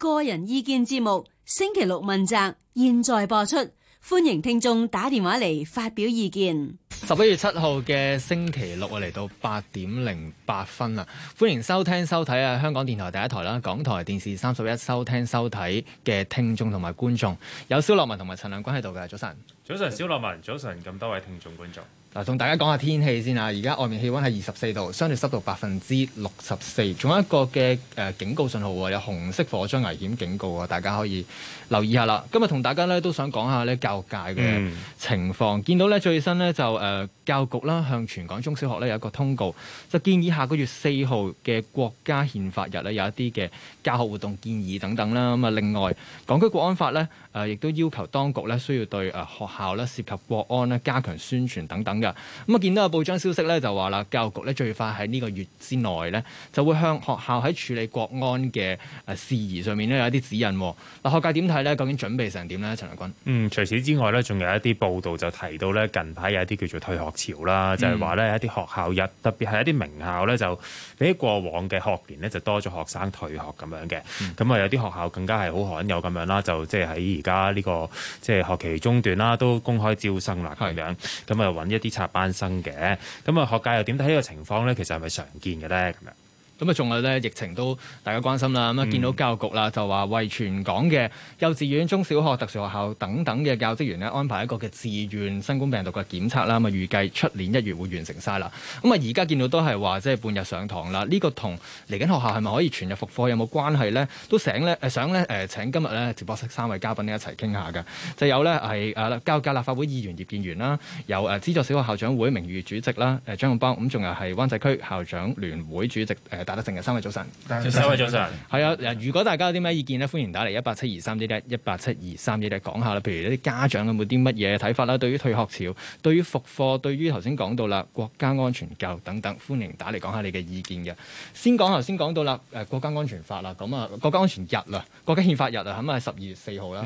個人意見節目星期六問責，現在播出，歡迎聽眾打電話嚟發表意見。十一月七號嘅星期六啊，嚟到八點零八分啦，歡迎收聽收睇啊！香港電台第一台啦，港台電視三十一收聽收睇嘅聽眾同埋觀眾，有蕭樂文同埋陳亮君喺度嘅，早晨，早晨，蕭樂文，早晨，咁多位聽眾觀眾。嗱，同大家講下天氣先啊！而家外面氣温係二十四度，相對濕度百分之六十四。仲有一個嘅誒警告信號，有紅色火災危險警告。大家可以留意下啦。今日同大家呢都想講下呢教育界嘅情況。嗯、見到呢最新呢，就誒教育局啦向全港中小學呢有一個通告，就建議下個月四號嘅國家憲法日呢有一啲嘅教學活動建議等等啦。咁啊，另外港區國安法呢誒亦都要求當局呢需要對誒學校呢涉及國安呢加強宣傳等等。咁啊，見到有報章消息咧，就話啦，教育局咧最快喺呢個月之內咧，就會向學校喺處理國安嘅誒事宜上面咧有一啲指引。嗱，學界點睇咧？究竟準備成點咧？陳立君。嗯，除此之外咧，仲有一啲報道就提到咧，近排有一啲叫做退學潮啦，就係話咧一啲學校入、嗯、特別係一啲名校咧，就比起過往嘅學年咧就多咗學生退學咁樣嘅。咁啊、嗯，有啲學校更加係好罕有咁樣啦，就即係喺而家呢個即係學期中段啦，都公開招生啦咁樣。咁啊是，揾一啲。插班生嘅。咁啊，學界又點睇呢個情況咧？其實係咪常見嘅咧？咁樣。咁啊，仲有咧，疫情都大家關心啦。咁啊，見到教育局啦，就話為全港嘅幼稚園、中小學、特殊學校等等嘅教職員咧，安排一個嘅自願新冠病毒嘅檢測啦。咁、嗯、啊，預計出年一月會完成晒啦。咁、嗯、啊，而家見到都係話即係半日上堂啦。呢、這個同嚟緊學校係咪可以全日復課有冇關係呢？都想咧誒，想咧誒、呃，請今日咧直播室三位嘉賓一齊傾下㗎。就有呢係啊，教育界立法會議員葉建源啦，有誒資助小學校長會名譽主席啦，誒、呃、張潤邦咁，仲、呃、有係灣仔區校長聯會主席誒。呃呃得成日，三位早晨，三位早晨，係啊！嗱、嗯，如果大家有啲咩意見咧，歡迎打嚟一八七二三一一一八七二三一一講下啦。譬如一啲家長有冇啲乜嘢睇法啦？對於退學潮，對於復課，對於頭先講到啦，國家安全教育等等，歡迎打嚟講下你嘅意見嘅。先講頭先講到啦，誒、呃，國家安全法啦，咁、嗯、啊，國家安全日啦，國家憲法日啊，咁啊，十二月四號啦。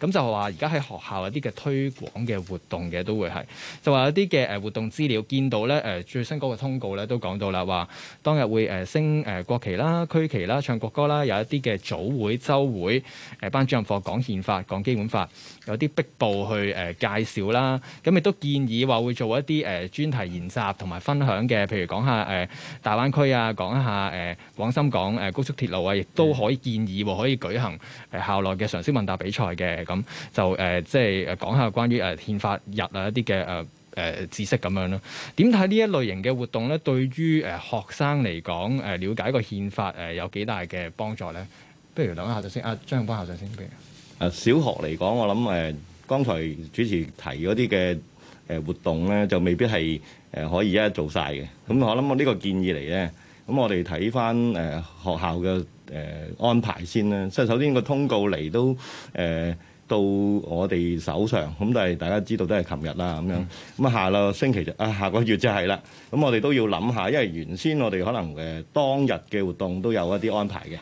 咁就話而家喺學校有一啲嘅推廣嘅活動嘅都會係，就話有啲嘅誒活動資料見到咧，誒、呃、最新嗰個通告咧都講到啦，話當日會誒、呃、升。誒，國旗啦、區旗啦，唱國歌啦，有一啲嘅組會、週會，誒班主任課講憲法、講基本法，有啲壁報去誒介紹啦，咁亦都建議話會做一啲誒專題研習同埋分享嘅，譬如講下誒大灣區啊，講一下誒廣深港誒高速鐵路啊，亦都可以建議可以舉行校內嘅常識問答比賽嘅，咁就誒即係講下關於誒憲法日啊一啲嘅誒。誒、呃、知識咁樣咯，點睇呢一類型嘅活動咧？對於誒、呃、學生嚟講，誒、呃、瞭解個憲法誒、呃、有幾大嘅幫助咧？不如諗下就先。阿張勇邦校長先俾啊！小學嚟講，我諗誒、呃，剛才主持提嗰啲嘅誒活動咧，就未必係誒、呃、可以一做晒嘅。咁我諗我呢個建議嚟咧，咁我哋睇翻誒學校嘅誒、呃、安排先啦。即係首先個通告嚟都誒，呃到我哋手上，咁但係大家知道都係琴日啦，咁樣咁啊下個星期就啊下個月就係啦。咁我哋都要諗下，因為原先我哋可能誒當日嘅活動都有一啲安排嘅，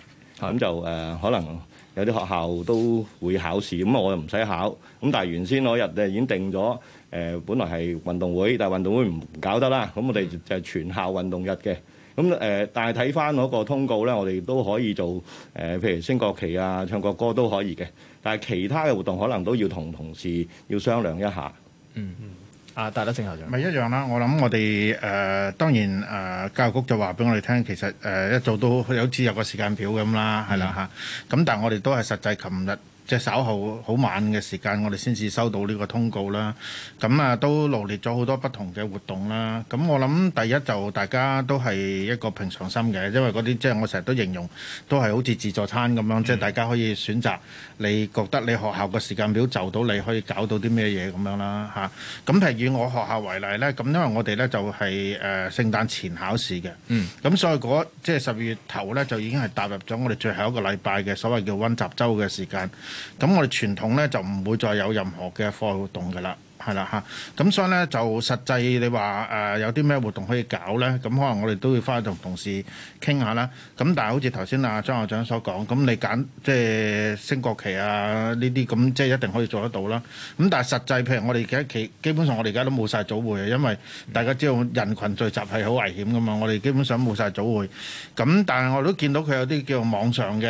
咁就誒可能有啲學校都會考試，咁啊我又唔使考。咁但係原先嗰日誒已經定咗，誒本來係運動會，但係運動會唔搞得啦。咁我哋就係全校運動日嘅。咁誒，但係睇返嗰個通告咧，我哋都可以做誒，譬如升國旗啊、唱國歌都可以嘅。但係其他嘅活動可能都要同同事要商量一下。嗯嗯，啊，戴德正校長。咪一樣啦，我諗我哋誒、呃、當然誒、呃、教育局就話俾我哋聽，其實誒、呃、一早都有自由嘅時間表咁啦，係啦嚇。咁、嗯啊、但係我哋都係實際，琴日。即係稍後好晚嘅時間，我哋先至收到呢個通告啦。咁啊，都羅列咗好多不同嘅活動啦。咁我諗第一就大家都係一個平常心嘅，因為嗰啲即係我成日都形容都係好似自助餐咁樣，嗯、即係大家可以選擇你覺得你學校嘅時間表就到你可以搞到啲咩嘢咁樣啦。嚇、啊，咁譬如以我學校為例咧，咁因為我哋咧就係、是、誒、呃、聖誕前考試嘅，嗯，咁所以嗰即係十二月頭咧就已經係踏入咗我哋最後一個禮拜嘅所謂叫温習周嘅時間。咁我哋傳統咧就唔會再有任何嘅課外活動㗎喇。係啦嚇，咁所以咧就實際你話誒有啲咩活動可以搞咧？咁可能我哋都要返去同同事傾下啦。咁但係好似頭先啊張校長所講，咁你揀即係升國旗啊呢啲咁，即係一定可以做得到啦。咁但係實際譬如我哋而家基基本上我哋而家都冇曬早會啊，因為大家知道人羣聚集係好危險㗎嘛。我哋基本上冇曬早會。咁但係我都見到佢有啲叫網上嘅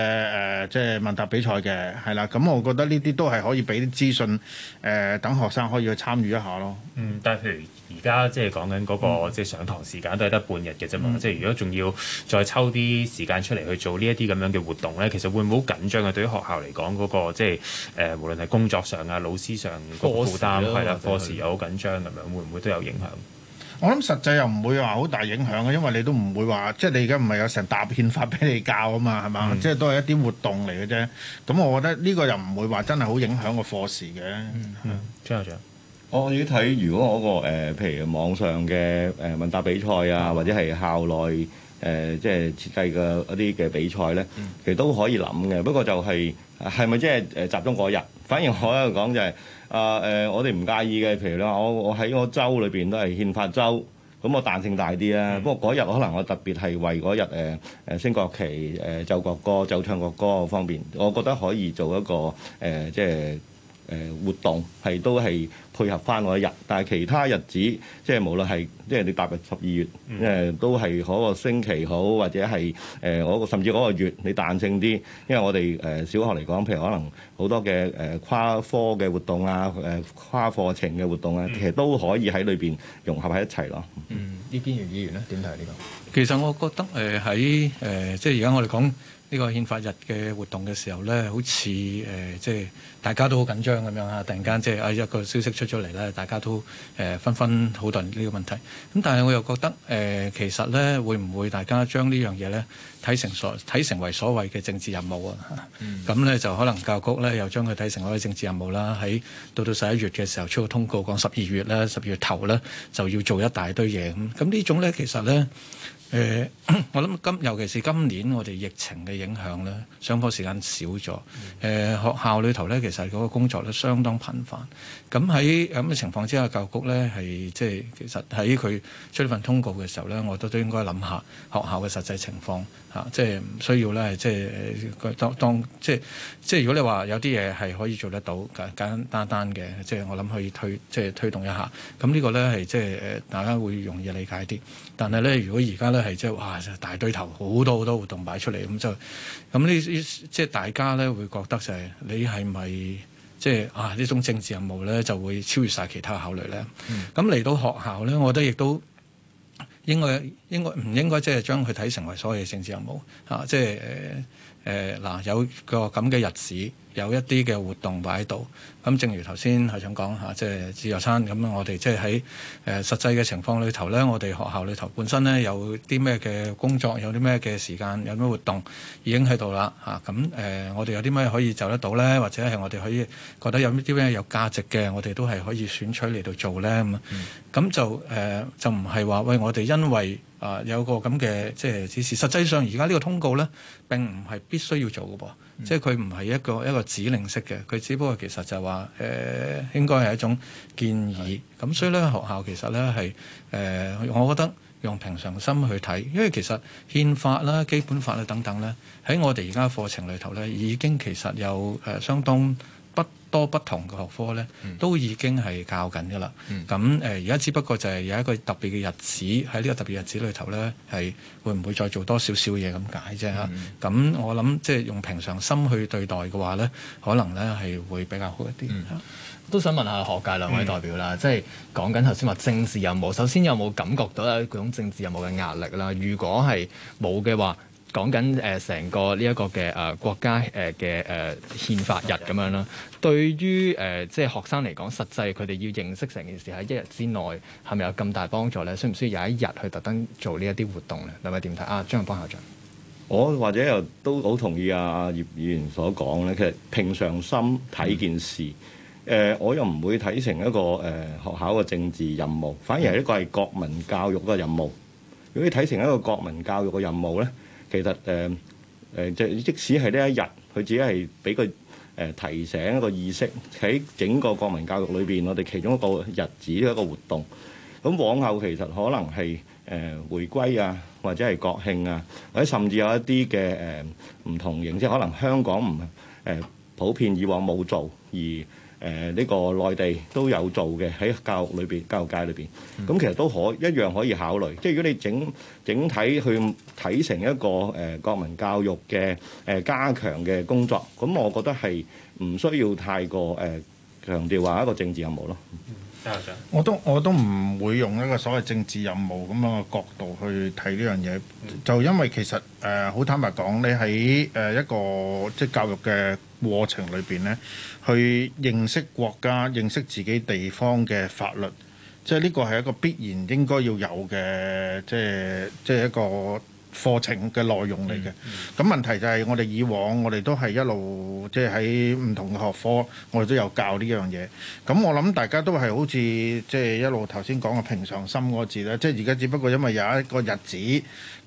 誒，即係問答比賽嘅係啦。咁我覺得呢啲都係可以俾啲資訊誒，等學生可以去參與一下咯。嗯，但係譬如而家、嗰個嗯、即係講緊嗰個即係上堂時間都係得半日嘅啫嘛。嗯、即係如果仲要再抽啲時間出嚟去做呢一啲咁樣嘅活動咧，其實會唔會好緊張啊？對於學校嚟講，嗰、嗰個即係誒、呃，無論係工作上啊、老師上個負擔係啦，課時又好緊張咁樣，會唔會都有影響？我諗實際又唔會話好大影響嘅，因為你都唔會話即係你而家唔係有成大片發俾你教啊嘛，係嘛？嗯、即係都係一啲活動嚟嘅啫。咁我覺得呢個又唔會話真係好影響個課時嘅。嗯，張校長。嗯我要睇，如果嗰、那個、呃、譬如網上嘅誒問答比賽啊，或者係校內誒，即、呃、係設計嘅一啲嘅比賽咧，其實都可以諗嘅。不過就係係咪即係誒集中嗰日？反而我喺度講就係啊誒，我哋唔介意嘅。譬如你話我我喺個週裏邊都係憲法週，咁我彈性大啲啦。的不過嗰日可能我特別係為嗰日誒誒升國旗誒、呃、奏國歌奏唱國歌方面，我覺得可以做一個誒、呃、即係。誒、呃、活動係都係配合翻我一日，但係其他日子即係無論係即係你踏入十二月，誒、呃、都係嗰個星期好，或者係誒我甚至嗰個月，你彈性啲，因為我哋誒、呃、小學嚟講，譬如可能好多嘅誒、呃、跨科嘅活動啊，誒、呃、跨課程嘅活動啊，嗯、其實都可以喺裏邊融合喺一齊咯。呃、嗯，呢邊嘅議員咧點睇呢、呢個？其實我覺得誒喺誒即係而家我哋講。呢個憲法日嘅活動嘅時候呢，好似誒、呃、即係大家都好緊張咁樣啊！突然間即係啊一個消息出咗嚟呢，大家都誒、呃、紛紛討論呢個問題。咁但係我又覺得誒、呃、其實呢，會唔會大家將呢樣嘢呢睇成所睇成為所謂嘅政治任務啊？咁、嗯、呢，就可能教育局呢又將佢睇成為政治任務啦。喺到到十一月嘅時候出個通告講十二月咧十二月頭呢，就要做一大堆嘢咁。咁呢種呢，其實呢。誒、呃，我諗今尤其是今年我哋疫情嘅影響咧，上課時間少咗。誒、呃，學校裏頭咧，其實嗰個工作都相當頻繁。咁喺咁嘅情況之下，教育局咧係即係其實喺佢出呢份通告嘅時候咧，我都應該諗下學校嘅實際情況嚇、啊，即係唔需要咧，即係當當即即係如果你話有啲嘢係可以做得到簡簡單單嘅，即係我諗可以推即係推動一下。咁呢個咧係即係誒大家會容易理解啲。但係咧，如果而家咧，係即係話，大堆頭好多好多活動擺出嚟咁就，咁呢即係大家咧會覺得就係、是、你係咪即係啊呢種政治任務咧就會超越晒其他考慮咧？咁嚟、嗯、到學校咧，我覺得亦都應該應該唔應該即係將佢睇成為所謂嘅政治任務啊？即係誒誒嗱，有個咁嘅日子。有一啲嘅活動擺喺度，咁正如頭先係想講嚇，即係自助餐咁，我哋即係喺誒實際嘅情況裏頭咧，我哋學校裏頭本身咧有啲咩嘅工作，有啲咩嘅時間，有咩活動已經喺度啦嚇。咁、啊、誒、呃，我哋有啲咩可以做得到咧，或者係我哋可以覺得有啲咩有價值嘅，我哋都係可以選取嚟到做咧咁。咁就誒、呃、就唔係話喂，我哋因為啊、呃、有個咁嘅即係指示，實際上而家呢個通告咧並唔係必須要做嘅噃。即係佢唔係一個一個指令式嘅，佢只不過其實就係話誒，應該係一種建議。咁的所以咧，學校其實咧係誒，我覺得用平常心去睇，因為其實憲法啦、基本法啦等等咧，喺我哋而家課程裏頭咧，已經其實有誒、呃、相當多不同嘅學科咧，都已經係教緊㗎啦。咁誒、嗯，而家只不過就係有一個特別嘅日子，喺呢個特別日子裏頭咧，係會唔會再做多少少嘢咁解啫？嚇、嗯，咁我諗即係用平常心去對待嘅話咧，可能咧係會比較好一啲。嗯嗯、都想問下學界兩位代表啦，嗯、即係講緊頭先話政治任務，首先有冇感覺到有嗰種政治任務嘅壓力啦？如果係冇嘅話，講緊誒成個呢一個嘅誒國家誒嘅誒憲法日咁樣啦。對於誒即係學生嚟講，實際佢哋要認識成件事喺一日之內係咪有咁大幫助咧？需唔需要有一日去特登做呢一啲活動咧？你咪點睇啊？張勇邦校長，我或者又都好同意啊，阿葉議員所講咧，其實平常心睇件事誒、嗯呃，我又唔會睇成一個誒、呃、學校嘅政治任務，反而係一個係國民教育嘅任務。如果你睇成一個國民教育嘅任務咧，其實誒誒、呃，即即使係呢一日，佢只係俾佢誒提醒一個意識，喺整個國民教育裏邊，我哋其中一個日子呢一個活動。咁往後其實可能係誒、呃、回歸啊，或者係國慶啊，或者甚至有一啲嘅誒唔同形式，可能香港唔誒、呃、普遍以往冇做而誒呢、呃呢個內地都有做嘅，喺教育裏邊、教育界裏邊，咁其實都可一樣可以考慮。即係如果你整整體去睇成一個誒、呃、國民教育嘅誒、呃、加強嘅工作，咁我覺得係唔需要太過誒、呃、強調話一個政治任務咯。Okay. 我都我都唔會用一個所謂政治任務咁樣嘅角度去睇呢樣嘢，mm. 就因為其實誒好、呃、坦白講，你喺誒、呃、一個即係教育嘅過程裏邊咧，去認識國家、認識自己地方嘅法律，即係呢個係一個必然應該要有嘅，即係即係一個。課程嘅內容嚟嘅，咁、嗯嗯、問題就係我哋以往我哋都係一路即係喺唔同嘅學科，我哋都有教呢樣嘢。咁我諗大家都係好似即係一路頭先講嘅平常心嗰個字咧，即係而家只不過因為有一個日子，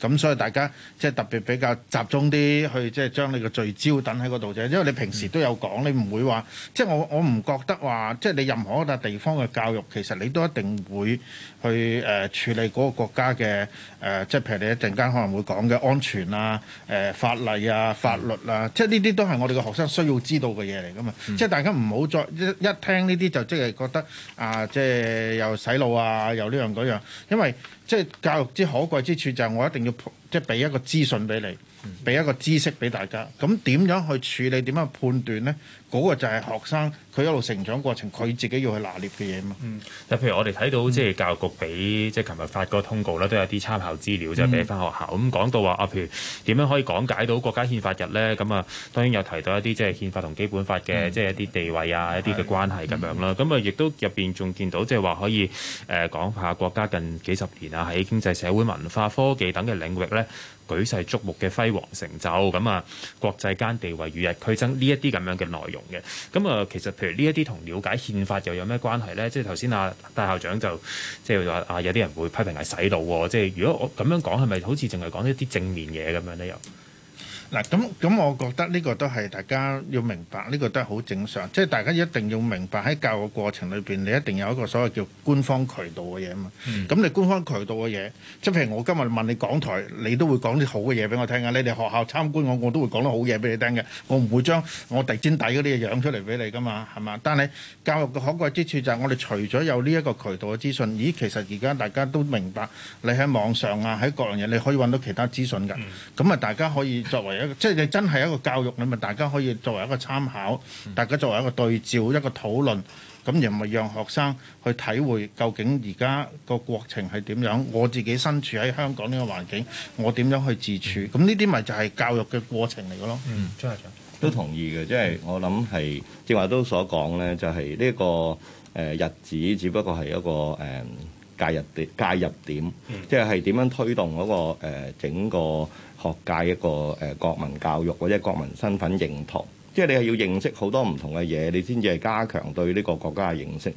咁所以大家即係特別比較集中啲去即係將你嘅聚焦等喺嗰度啫。因為你平時都有講，你唔會話即係我我唔覺得話即係你任何一笪地方嘅教育，其實你都一定會去誒、呃、處理嗰個國家嘅誒，即、呃、係、即係、譬如你一陣間可能。會講嘅安全啊、誒、呃、法例啊、法律啊，嗯、即係呢啲都係我哋嘅學生需要知道嘅嘢嚟㗎嘛。嗯、即係大家唔好再一,一聽呢啲就即係覺得啊，即係又洗腦啊，又呢樣嗰樣。因為即係教育之可貴之處就係我一定要即係俾一個資訊俾你。俾一個知識俾大家，咁點樣去處理、點樣去判斷呢？嗰、那個就係學生佢一路成長過程，佢自己要去拿捏嘅嘢啊嘛。就譬、嗯嗯嗯、如我哋睇到即係教育局俾即係琴日發個通告咧，都有啲參考資料就俾翻學校。咁講、嗯、到話啊，譬如點樣可以講解到國家憲法日呢？咁啊，當然有提到一啲即係憲法同基本法嘅即係一啲地位啊、是一啲嘅關係咁、嗯、樣啦。咁啊，亦都入邊仲見到即係話可以誒講下國家近幾十年啊喺經濟、社會、文化、科技等嘅領域呢，舉世矚目嘅輝煌成就，咁啊，國際間地位與日俱增，呢一啲咁樣嘅內容嘅，咁啊，其實譬如呢一啲同了解憲法又有咩關係呢？即係頭先啊戴校長就即係話啊有啲人會批評係洗腦喎，即係如果我咁樣講係咪好似淨係講一啲正面嘢咁樣呢？又？嗱咁咁，我覺得呢個都係大家要明白，呢、這個都係好正常。即、就、係、是、大家一定要明白喺教育過程裏邊，你一定有一個所謂叫官方渠道嘅嘢啊嘛。咁、嗯、你官方渠道嘅嘢，即係譬如我今日問你港台，你都會講啲好嘅嘢俾我聽啊。你哋學校參觀我，我都會講得好嘢俾你聽嘅。我唔會將我哋尖底嗰啲嘢講出嚟俾你㗎嘛，係嘛？但係教育嘅可貴之處就係我哋除咗有呢一個渠道嘅資訊，咦，其實而家大家都明白，你喺網上啊，喺各樣嘢你可以搵到其他資訊㗎。咁啊、嗯，大家可以作為。即係你真係一個教育啊嘛，大家可以作為一個參考，大家作為一個對照，一個討論，咁而唔係讓學生去體會究竟而家個過程係點樣。我自己身處喺香港呢個環境，我點樣去自處？咁呢啲咪就係教育嘅過程嚟噶咯。嗯，張校長都同意嘅。即係我諗係正話都所講咧，就係呢個誒日子，只不過係一個誒。介入點，介入點，即係點樣推動嗰個誒整個學界一個誒國民教育或者國民身份認同，即係你係要認識好多唔同嘅嘢，你先至係加強對呢個國家嘅認識。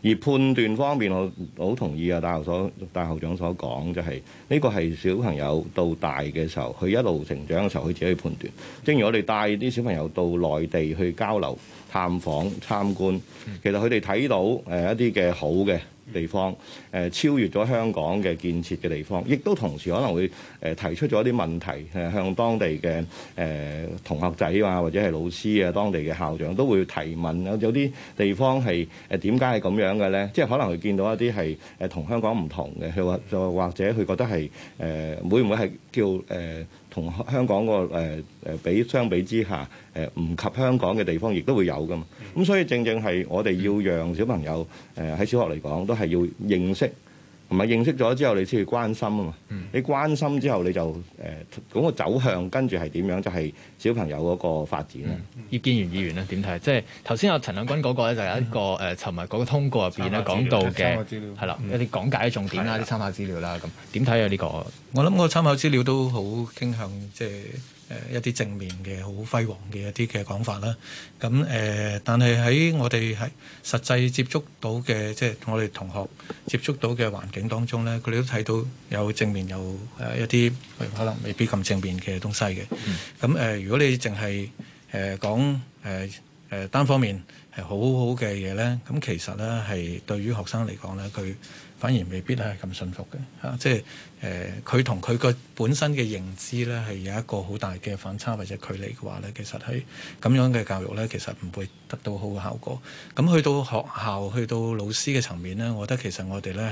而判斷方面，我好同意啊，戴所戴校長所講，就係、是、呢個係小朋友到大嘅時候，佢一路成長嘅時候，佢自己去判斷，正如我哋帶啲小朋友到內地去交流、探訪參觀，其實佢哋睇到誒一啲嘅好嘅。地方誒超越咗香港嘅建設嘅地方，亦都同時可能會誒提出咗一啲問題，誒向當地嘅誒、呃、同學仔啊，或者係老師啊，當地嘅校長都會提問啊。有啲地方係誒點解係咁樣嘅咧？即係可能會見到一啲係誒同香港唔同嘅，佢話就或者佢覺得係誒、呃、會唔會係叫誒？呃同香港個誒誒比相比之下，誒、呃、唔及香港嘅地方亦都會有㗎嘛。咁所以正正係我哋要讓小朋友誒喺、呃、小學嚟講，都係要認識。同埋認識咗之後，你先去關心啊嘛！嗯、你關心之後，你就誒嗰、呃那個走向跟住係點樣？就係、是、小朋友嗰個發展啦、啊嗯。葉建源議員咧點睇？嗯、即係頭先阿陳亮君嗰個咧，就有一個誒尋日嗰個通告入邊咧講到嘅係啦，一啲講解重點啦，啲參考資料啦咁點睇的啊、這個？呢個、嗯、我諗個參考資料都好傾向即係。就是誒一啲正面嘅好輝煌嘅一啲嘅講法啦，咁誒、呃，但係喺我哋係實際接觸到嘅，即係我哋同學接觸到嘅環境當中咧，佢哋都睇到有正面又誒、呃、一啲可能未必咁正面嘅東西嘅。咁誒、呃，如果你淨係誒講誒誒、呃、單方面係好好嘅嘢咧，咁其實咧係對於學生嚟講咧，佢。反而未必係咁信服嘅嚇、啊，即係誒佢同佢個本身嘅認知咧係有一個好大嘅反差或者距離嘅話咧，其實喺咁樣嘅教育咧，其實唔會得到好嘅效果。咁去到學校，去到老師嘅層面咧，我覺得其實我哋咧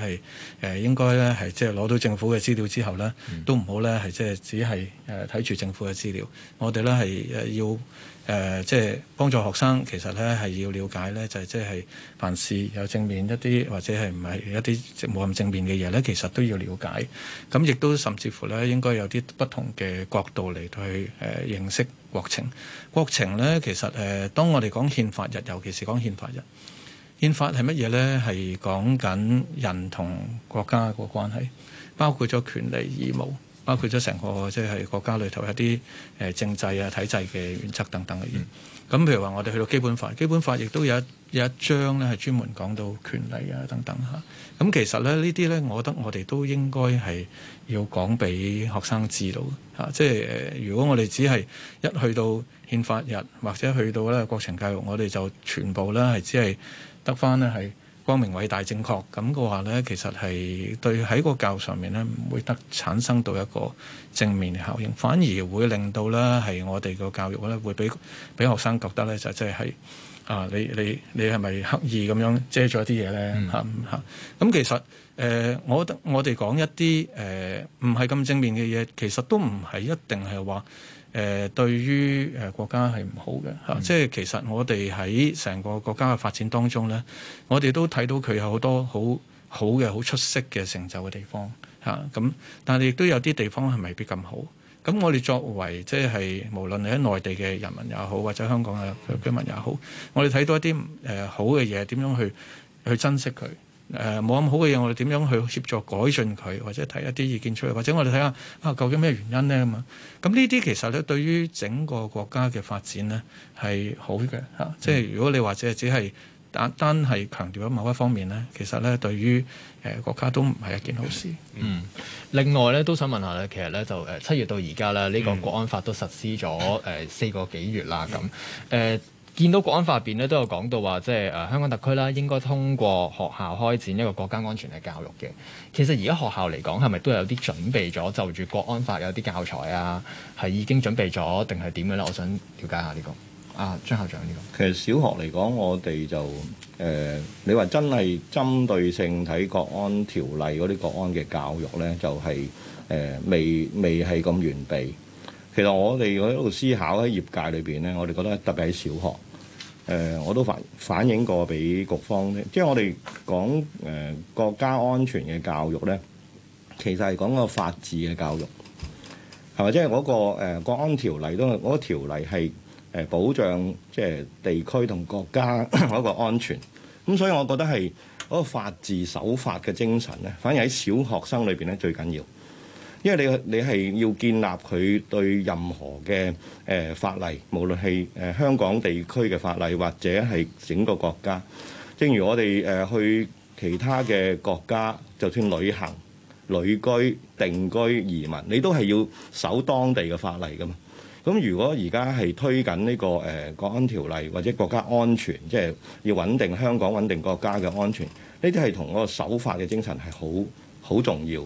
係誒應該咧係即係攞到政府嘅資料之後咧，嗯、都唔好咧係即係只係誒睇住政府嘅資料，我哋咧係誒要。誒、呃，即係幫助學生，其實咧係要了解咧，就係即係凡事有正面一啲，或者係唔係一啲冇咁正面嘅嘢咧，其實都要了解。咁亦都甚至乎咧，應該有啲不同嘅角度嚟去誒認識國情。國情咧，其實誒、呃，當我哋講憲法日，尤其是講憲法日，憲法係乜嘢咧？係講緊人同國家個關係，包括咗權利義務。包括咗成個即係國家裏頭一啲誒政制啊、體制嘅原則等等嘅嘢，咁譬如話我哋去到基本法，基本法亦都有一有一章咧係專門講到權利啊等等嚇。咁其實咧呢啲咧，我覺得我哋都應該係要講俾學生知道嚇、啊。即係、呃、如果我哋只係一去到憲法日或者去到咧國情教育，我哋就全部咧係只係得翻咧係。光明偉大正確咁嘅話咧，其實係對喺個教育上面咧，唔會得產生到一個正面嘅效應，反而會令到咧係我哋個教育咧會俾俾學生覺得咧就即係係啊，你你你係咪刻意咁樣遮咗一啲嘢咧嚇嚇？咁、嗯嗯嗯、其實誒、呃，我我哋講一啲誒唔係咁正面嘅嘢，其實都唔係一定係話。誒對於誒國家係唔好嘅，嗯、即係其實我哋喺成個國家嘅發展當中咧，我哋都睇到佢有很多很好多好好嘅、好出色嘅成就嘅地方嚇咁、嗯。但係亦都有啲地方係未必咁好。咁我哋作為即係無論你喺內地嘅人民也好，或者香港嘅居民也好，嗯、我哋睇到一啲誒、呃、好嘅嘢，點樣去去珍惜佢？誒冇咁好嘅嘢，我哋點樣去協助改進佢，或者提一啲意見出嚟，或者我哋睇下啊，究竟咩原因呢？咁啊？咁呢啲其實咧，對於整個國家嘅發展咧係好嘅嚇、啊。即係如果你或者只係單單係強調咗某一方面呢，其實呢對於誒、呃、國家都唔係一件好事。嗯，另外咧都想問下咧，其實咧就誒七、呃、月到而家咧呢、呢個國安法都實施咗誒四個幾月啦，咁誒。見到《國安法》入邊咧都有講到話，即係誒香港特區啦，應該通過學校開展一個國家安全嘅教育嘅。其實而家學校嚟講，係咪都有啲準備咗就住《國安法》有啲教材啊，係已經準備咗定係點嘅呢？我想了解下呢、這個。啊，張校長呢、這個。其實小學嚟講，我哋就誒、呃，你話真係針對性睇《國安條例》嗰啲國安嘅教育呢，就係、是、誒、呃、未未係咁完備。其實我哋喺度思考喺業界裏邊呢，我哋覺得特別喺小學。誒、呃，我都反反映過俾局方咧，即係我哋講誒、呃、國家安全嘅教育咧，其實係講個法治嘅教育，係嘛？即係嗰個誒、呃、國安條例都嗰、那個、條例係誒保障即係、就是、地區同國家嗰個安全，咁所以我覺得係嗰個法治守法嘅精神咧，反而喺小學生裏邊咧最緊要。因為你你係要建立佢對任何嘅誒法例，無論係誒香港地區嘅法例，或者係整個國家。正如我哋誒去其他嘅國家，就算旅行、旅居、定居、移民，你都係要守當地嘅法例㗎嘛。咁如果而家係推緊呢個誒國安條例或者國家安全，即係要穩定香港、穩定國家嘅安全，呢啲係同嗰個守法嘅精神係好好重要。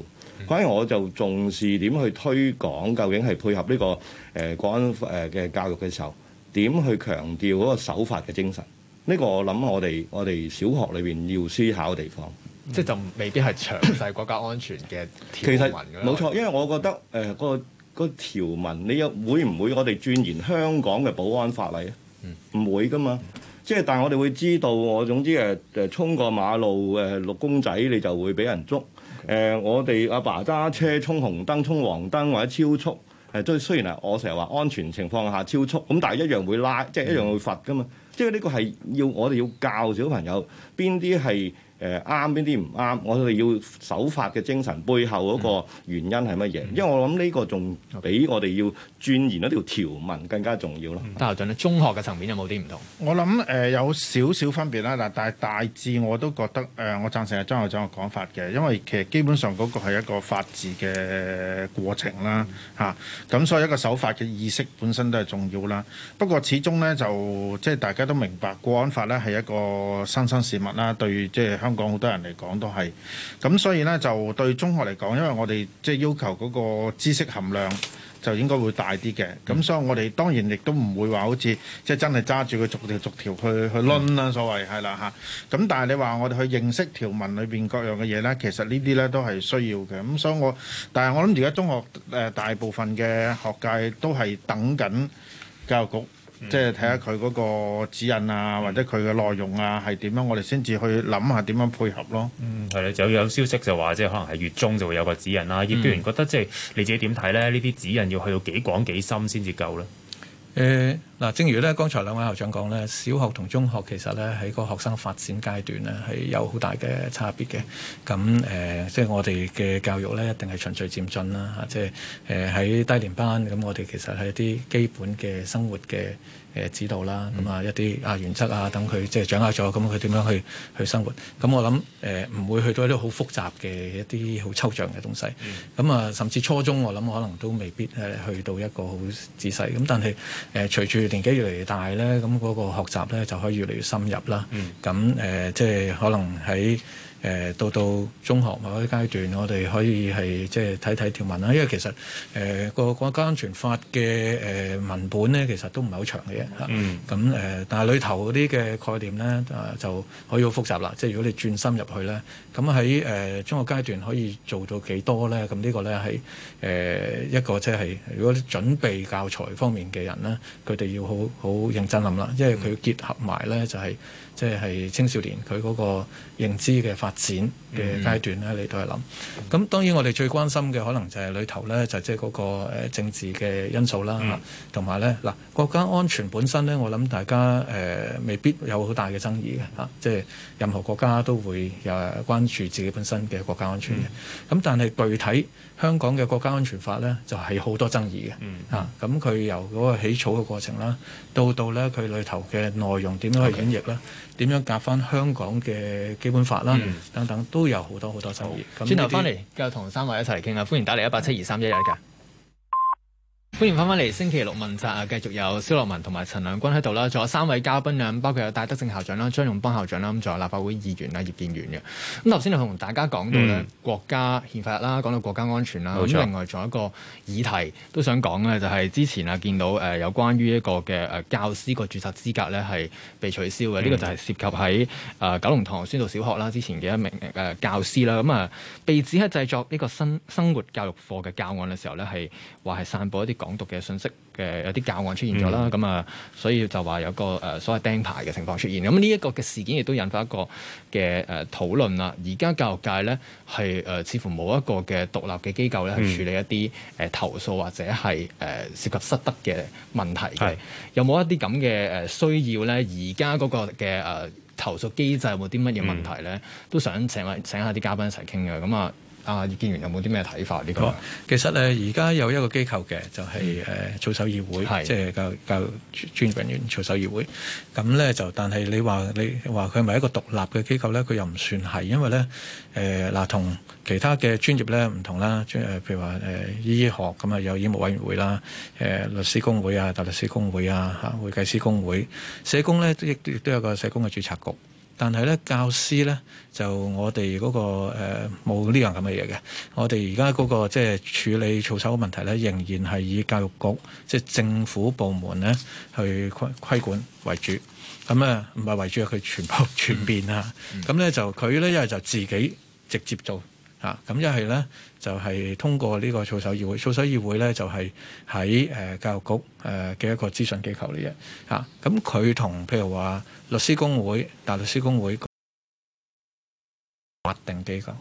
反而我就重視點去推廣，究竟係配合呢、這個誒、呃、國安法誒嘅、呃、教育嘅時候，點去強調嗰個守法嘅精神？呢、這個我諗我哋我哋小學裏邊要思考嘅地方，嗯、即係就未必係詳細國家安全嘅條文。冇錯，因為我覺得誒、呃那個、那個條文，你有會唔會我哋鑽研香港嘅保安法例啊？唔、嗯、會噶嘛，即係但係我哋會知道，我總之誒誒衝過馬路誒綠、呃、公仔，你就會俾人捉。誒、 呃，我哋阿爸揸車衝紅燈、衝黃燈或者超速，係、呃、都雖然係我成日話安全情況下超速，咁但係一樣會拉，即、就、係、是、一樣會罰㗎嘛。即係呢個係要我哋要教小朋友邊啲係。誒，啱邊啲唔啱，我哋要守法嘅精神背後嗰個原因係乜嘢？嗯嗯嗯、因為我諗呢個仲比我哋要鑽研一條條文更加重要咯。張、嗯、校長，你是中學嘅層面有冇啲唔同？我諗誒、呃、有少少分別啦，但係大致我都覺得誒、呃，我贊成阿張校長嘅講法嘅，因為其實基本上嗰個係一個法治嘅過程啦，嚇、嗯，咁、啊、所以一個守法嘅意識本身都係重要啦。不過始終呢，就即係大家都明白，國安法呢係一個新生事物啦，對即係香港好多人嚟講都係，咁所以呢就對中學嚟講，因為我哋即係要求嗰個知識含量就應該會大啲嘅，咁所以我哋當然亦都唔會話好似即係真係揸住佢逐條逐條去去論啦，所謂係啦吓。咁但係你話我哋去認識條文裏邊各樣嘅嘢呢，其實呢啲呢都係需要嘅。咁所以我，但係我諗而家中學誒大部分嘅學界都係等緊教育局。即係睇下佢嗰個指引啊，或者佢嘅內容啊，係點樣？我哋先至去諗下點樣配合咯。嗯，係啦，就有消息就話即係可能係月中就會有個指引啦、啊。葉建源覺得即係你自己點睇咧？呢啲指引要去到幾廣幾深先至夠咧？誒嗱，uh, 正如咧，剛才兩位校長講咧，小學同中學其實咧喺個學生發展階段咧係有好大嘅差別嘅。咁誒、呃，即係我哋嘅教育咧，一定係循序漸進啦。嚇，即係誒喺低年班，咁我哋其實係一啲基本嘅生活嘅。誒指導啦，咁啊一啲啊原則啊，等佢即係掌握咗，咁佢點樣去去生活？咁我諗誒唔會去到一啲好複雜嘅、一啲好抽象嘅東西。咁啊，甚至初中我諗可能都未必誒去到一個好仔細。咁但係誒、呃、隨住年紀越嚟越大咧，咁嗰個學習咧就可以越嚟越深入啦。咁誒、嗯呃、即係可能喺。誒到到中學某一階段，我哋可以係即係睇睇條文啦。因為其實誒個、呃、國家安，安全法嘅誒文本咧，其實都唔係好長嘅啫。嗯。咁誒、啊，但係裏頭嗰啲嘅概念咧，誒、啊、就可以好複雜啦。即係如果你轉心入去咧，咁喺誒中學階段可以做到幾多咧？咁呢個咧係誒一個即、就、係、是、如果準備教材方面嘅人咧，佢哋要好好認真諗啦。因為佢結合埋咧就係、是。即係青少年佢嗰個認知嘅發展嘅階段咧，嗯、你都係諗。咁、嗯、當然我哋最關心嘅可能就係裏頭呢，就即係嗰個政治嘅因素啦同埋、嗯、呢嗱國家安全本身呢，我諗大家誒、呃、未必有好大嘅爭議嘅嚇，即、啊、係、就是、任何國家都會誒關注自己本身嘅國家安全嘅。咁、嗯、但係具體香港嘅國家安全法呢，就係、是、好多爭議嘅嚇。咁佢、嗯嗯啊、由嗰個起草嘅過程啦，到到呢佢裏頭嘅內容點樣去演繹呢？點樣夾翻香港嘅基本法啦，嗯、等等都有好多好多生意。哦、轉頭翻嚟繼續同三位一齊嚟傾下。歡迎打嚟一八七二三一一嘅。歡迎翻返嚟星期六問責啊！繼續有蕭樂文同埋陳亮軍喺度啦，仲有三位嘉賓啊，包括有戴德正校長啦、張勇邦校長啦，咁仲有立法會議員啊葉建源嘅。咁頭先係同大家講到咧國家憲法日啦，講、嗯、到國家安全啦，咁、嗯、另外仲有一個議題都想講咧，就係之前啊見到誒有關於一個嘅誒教師個註冊資格咧係被取消嘅，呢、嗯、個就係涉及喺誒九龍塘宣道小學啦，之前嘅一名誒教師啦，咁啊被指喺製作呢個新生活教育課嘅教案嘅時候咧，係話係散播一啲講港獨嘅信息嘅有啲教案出現咗啦，咁啊、嗯嗯，所以就話有個誒所謂釘牌嘅情況出現。咁呢一個嘅事件亦都引發一個嘅誒討論啦。而家教育界咧係誒似乎冇一個嘅獨立嘅機構咧，去處理一啲誒投訴或者係誒涉及失德嘅問題嘅。嗯、有冇一啲咁嘅誒需要咧？而家嗰個嘅誒投訴機制有冇啲乜嘢問題咧？都想請下請下啲嘉賓一齊傾嘅。咁啊。啊，葉建源有冇啲咩睇法呢個？其實咧，而家有一個機構嘅，就係誒操守議會，是即係教教育專業人員操守議會。咁咧就，但係你話你話佢唔係一個獨立嘅機構咧，佢又唔算係，因為咧誒嗱，同、呃、其他嘅專業咧唔同啦。誒譬如話誒、呃、醫學咁啊，有醫務委員會啦，誒、呃、律師公會啊，大律師公會啊，嚇會計師公會，社工咧亦亦都有個社工嘅註冊局。但係咧，教師咧就我哋嗰，那個冇呢、呃、樣咁嘅嘢嘅。我哋而家嗰個即係、就是、處理操守問題咧，仍然係以教育局即係、就是、政府部門咧去規規管為主。咁、嗯、啊，唔係為主佢全部全變啊。咁咧、嗯嗯、就佢咧一係就自己直接做。啊，咁一係咧就係、是、通過呢個操守議會，操守議會咧就係喺誒教育局誒嘅一個諮詢機構嚟嘅。嚇、啊，咁佢同譬如話律師公會，大律師公會，法定機構，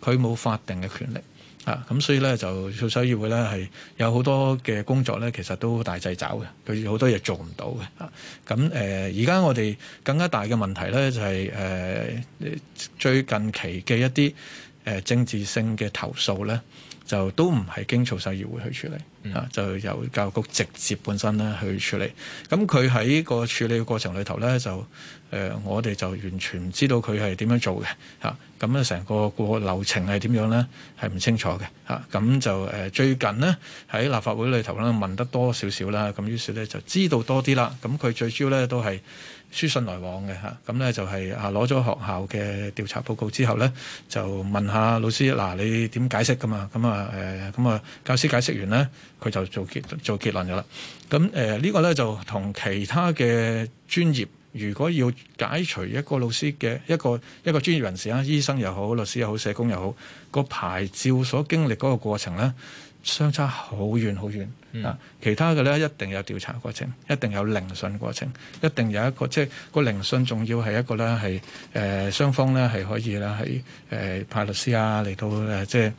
佢冇法定嘅權力。啊，咁所以咧就操守議會咧係有好多嘅工作咧，其實都大掣肘嘅，佢好多嘢做唔到嘅。啊、咁、呃、誒，而家我哋更加大嘅問題咧就係、是、誒、啊、最近期嘅一啲。誒政治性嘅投訴咧，就都唔係經操守議會去處理，嗯、啊，就由教育局直接本身咧去處理。咁佢喺個處理嘅過程裏頭咧，就誒、呃、我哋就完全唔知道佢係點樣做嘅，嚇咁啊成個過流程係點樣咧係唔清楚嘅，嚇咁就誒最近呢，喺立法會裏頭咧問得多少少啦，咁於是咧就知道多啲啦。咁佢最主要咧都係，書信來往嘅嚇咁咧就係、是、啊攞咗學校嘅調查報告之後咧就問下老師嗱、啊、你點解釋噶嘛，咁啊誒咁啊，啊教師解釋完咧佢就做結做結論噶啦，咁誒呢個咧就同其他嘅專業，如果要解除一個老師嘅一個一個專業人士啦、啊，醫生又好，律師又好，社工又好，個牌照所經歷嗰個過程咧。相差好遠好遠。啊！其他嘅咧一定有調查過程，一定有聆訊過程，一定有一個即係個聆訊重要係一個咧係誒雙方咧係可以咧係誒派律師啊嚟到誒即係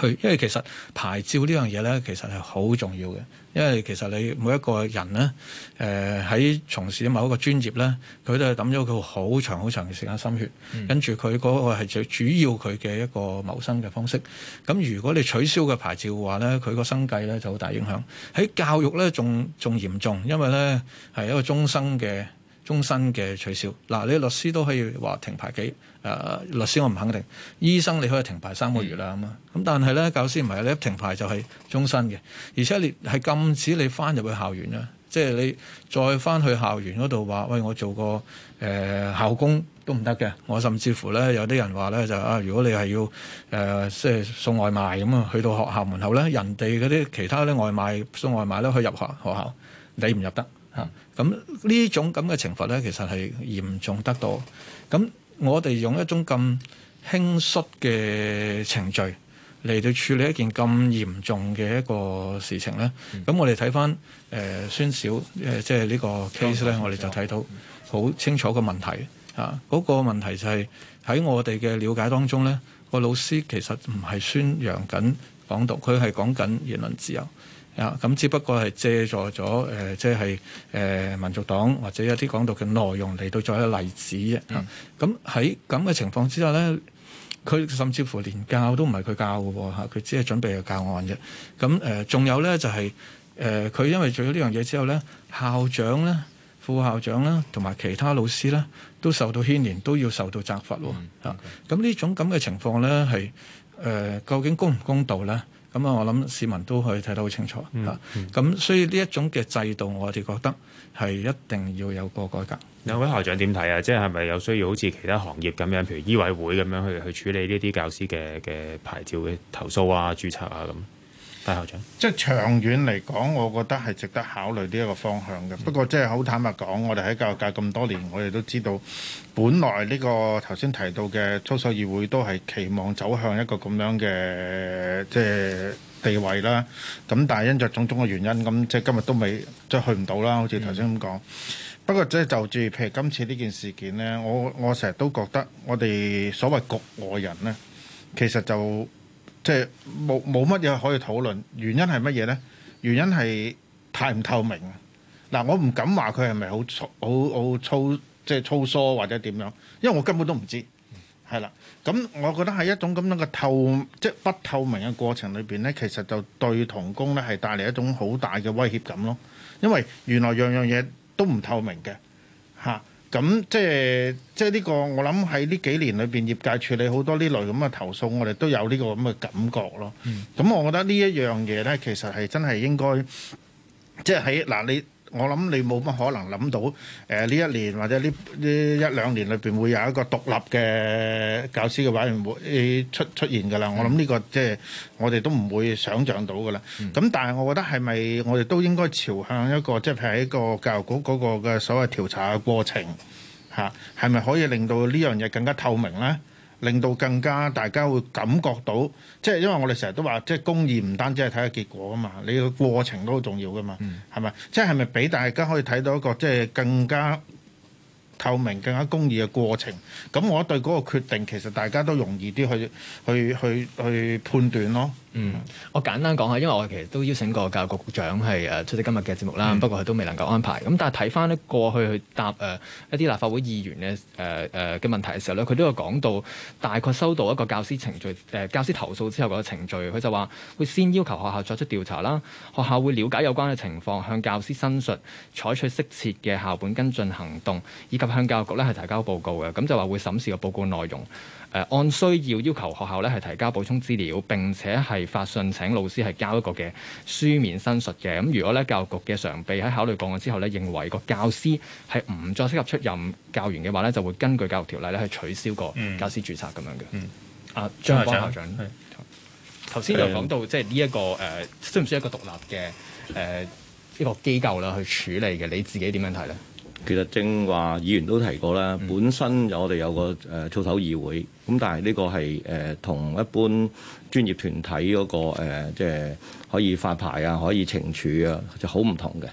去，因為其實牌照呢樣嘢咧其實係好重要嘅。因為其實你每一個人咧，誒、呃、喺從事某一個專業咧，佢都係揼咗佢好長好長嘅時間心血，跟住佢嗰個係最主要佢嘅一個謀生嘅方式。咁如果你取消嘅牌照嘅話咧，佢個生計咧就好大影響。喺教育咧仲仲嚴重，因為咧係一個終生嘅。終身嘅取消嗱，你律師都可以話停牌幾？誒、呃，律師我唔肯定。醫生你可以停牌三個月啦，咁啊、嗯，咁但係咧教師唔係你一停牌就係終身嘅，而且你係禁止你翻入去校園啦，即係你再翻去校園嗰度話，喂，我做個誒、呃、校工都唔得嘅。我甚至乎咧，有啲人話咧就啊、呃，如果你係要誒、呃、即係送外賣咁啊，去到學校門口咧，人哋嗰啲其他啲外賣送外賣咧可以入學學校，你唔入得。咁呢種咁嘅懲罰咧，其實係嚴重得到。咁我哋用一種咁輕率嘅程序嚟到處理一件咁嚴重嘅一個事情咧，咁我哋睇翻誒宣小誒即係呢個 case 咧，我哋就睇到好清楚嘅問題啊！嗰、那個問題就係、是、喺我哋嘅了解當中咧，那個老師其實唔係宣揚緊港獨，佢係講緊言論自由。啊！咁只不過係借助咗誒，即係誒民族黨或者一啲港獨嘅內容嚟到做一個例子、嗯、啊！咁喺咁嘅情況之下咧，佢甚至乎連教都唔係佢教嘅喎嚇，佢只係準備個教案啫。咁、啊、誒，仲、呃、有咧就係、是、誒，佢、啊、因為做咗呢樣嘢之後咧，校長咧、副校長啦，同埋其他老師咧，都受到牽連，都要受到責罰喎嚇。咁呢、嗯嗯啊、種咁嘅情況咧，係誒、呃、究竟公唔公道咧？咁啊！我諗市民都可以睇得好清楚嚇。咁、嗯嗯、所以呢一種嘅制度，我哋覺得係一定要有個改革。兩、嗯、位校長點睇啊？即係係咪有需要好似其他行業咁樣，譬如醫委會咁樣去去處理呢啲教師嘅嘅牌照嘅投訴啊、註冊啊咁。大校長，即係長遠嚟講，我覺得係值得考慮呢一個方向嘅。不過，即係好坦白講，我哋喺教育界咁多年，我哋都知道，本來呢個頭先提到嘅操守議會都係期望走向一個咁樣嘅即係地位啦。咁但係因着種種嘅原因，咁即係今日都未即係去唔到啦。好似頭先咁講。嗯、不過即係就住譬如今次呢件事件咧，我我成日都覺得我哋所謂局外人咧，其實就。即係冇冇乜嘢可以討論，原因係乜嘢咧？原因係太唔透明。嗱，我唔敢話佢係咪好粗、好好粗，即係粗疏或者點樣，因為我根本都唔知。係啦，咁我覺得係一種咁樣嘅透，即係不透明嘅過程裏邊咧，其實就對同工咧係帶嚟一種好大嘅威脅感咯，因為原來樣樣嘢都唔透明嘅嚇。咁即係即係、這、呢個，我諗喺呢幾年裏邊，業界處理好多呢類咁嘅投訴，我哋都有呢個咁嘅感覺咯。咁、嗯、我覺得一呢一樣嘢咧，其實係真係應該即係喺嗱你。我諗你冇乜可能諗到，誒、呃、呢一年或者呢呢一,一兩年裏邊會有一個獨立嘅教師嘅委員會出出現㗎啦。我諗呢、這個即係、就是、我哋都唔會想像到㗎啦。咁、嗯、但係我覺得係咪我哋都應該朝向一個即係喺個教育局嗰個嘅所謂調查嘅過程，吓係咪可以令到呢樣嘢更加透明咧？令到更加大家會感覺到，即係因為我哋成日都話，即係公義唔單止係睇下結果啊嘛，你個過程都好重要噶嘛，係咪、嗯？即係係咪俾大家可以睇到一個即係更加透明、更加公義嘅過程？咁我對嗰個決定其實大家都容易啲去去去去判斷咯。嗯，我簡單講下，因為我其實都邀請過教育局局長係誒出席今日嘅節目啦，嗯、不過佢都未能夠安排。咁但係睇翻咧過去去答誒、呃、一啲立法會議員嘅誒誒嘅問題嘅時候咧，佢都有講到大概收到一個教師程序誒、呃、教師投訴之後個程序，佢就話會先要求學校作出調查啦，學校會了解有關嘅情況，向教師申述，採取適切嘅校本跟進行動，以及向教育局咧係提交報告嘅。咁就話會審視個報告內容。誒按需要要求學校咧係提交補充資料，並且係發信請老師係交一個嘅書面申述嘅。咁如果咧教育局嘅常秘喺考慮個案之後咧，認為個教師係唔再適合出任教員嘅話咧，就會根據教育條例咧去取消個教師註冊咁樣嘅。啊、嗯嗯，張廣校長，頭先又講到的即係呢一個誒，需唔需要一個獨立嘅誒呢個機構啦去處理嘅？你自己點樣睇咧？其實正話，議員都提過啦，本身有我哋有個誒操守議會。咁但係呢個係誒同一般專業團體嗰、那個即係、呃就是、可以發牌啊，可以懲處啊，就好唔同嘅。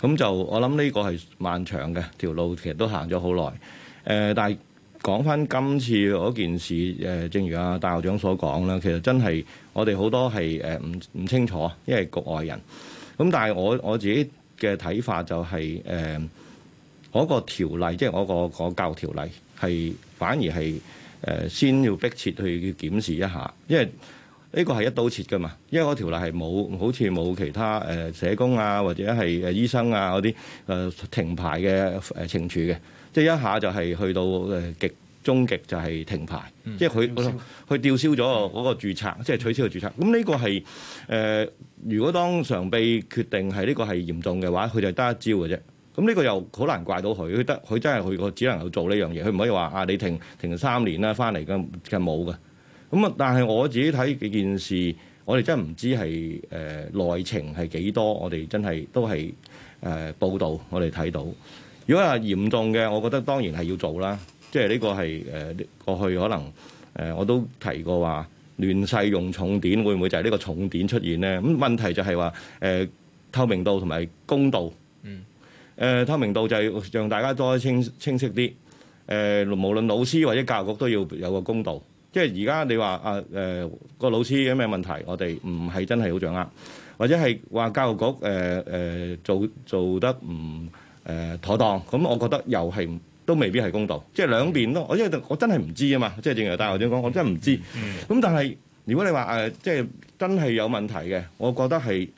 咁、嗯、就我諗呢個係漫長嘅條路，其實都行咗好耐。誒、呃，但係講翻今次嗰件事，誒、呃，正如啊戴校長所講啦，其實真係我哋好多係誒唔唔清楚，因為局外人。咁、嗯、但係我我自己嘅睇法就係、是、誒，嗰、呃那個條例，即係嗰個教育條例，係反而係。誒先要迫切去檢視一下，因為呢個係一刀切噶嘛，因為嗰條例係冇好似冇其他誒社工啊或者係誒醫生啊嗰啲誒停牌嘅誒懲處嘅，即係一下就係去到誒極終極就係停牌，嗯、即係佢佢吊銷咗嗰個註冊，嗯、即係取消個註冊。咁呢個係誒、呃、如果當常被決定係呢個係嚴重嘅話，佢就得一招嘅啫。咁呢個又好難怪到佢，佢得佢真係去過，只能夠做呢樣嘢。佢唔可以話啊，你停停三年啦，翻嚟嘅嘅冇㗎。咁啊，但係我自己睇幾件事，我哋真係唔知係誒內情係幾多。我哋真係都係誒報導，我哋睇到。如果係嚴重嘅，我覺得當然係要做啦。即係呢個係誒、呃、過去可能誒、呃、我都提過話亂世用重典，會唔會就係呢個重典出現咧？咁問題就係話誒透明度同埋公道。嗯。誒、呃、透明度就係讓大家多清清晰啲。誒、呃、無論老師或者教育局都要有個公道。即係而家你話啊誒個、呃、老師有咩問題，我哋唔係真係好掌握。或者係話教育局誒誒、呃、做做得唔誒、呃、妥當，咁、嗯、我覺得又係都未必係公道。即係兩邊咯。我因為我真係唔知啊嘛，即係正如戴校長講，我真係唔知。咁但係如果你話誒、呃、即係真係有問題嘅，我覺得係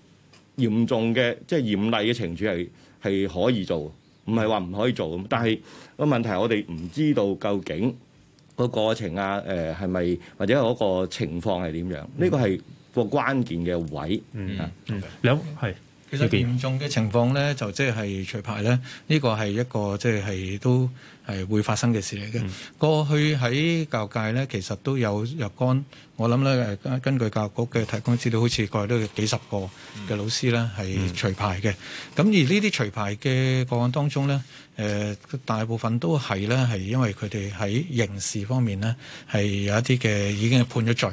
嚴重嘅，即係嚴厲嘅懲處係。係可以做，唔係話唔可以做。但係個問題，我哋唔知道究竟個過程啊，誒係咪或者嗰個情況係點樣？呢個係個關鍵嘅位。嗯，兩係其實嚴重嘅情況咧，就即係除牌咧。呢個係一個即係都係會發生嘅事嚟嘅。過去喺教育界咧，其實都有若干。我諗咧，誒根據教育局嘅提供資料，好似過去都有幾十個嘅老師咧係除牌嘅。咁而呢啲除牌嘅個案當中咧，誒大部分都係咧係因為佢哋喺刑事方面咧係有一啲嘅已經判咗罪。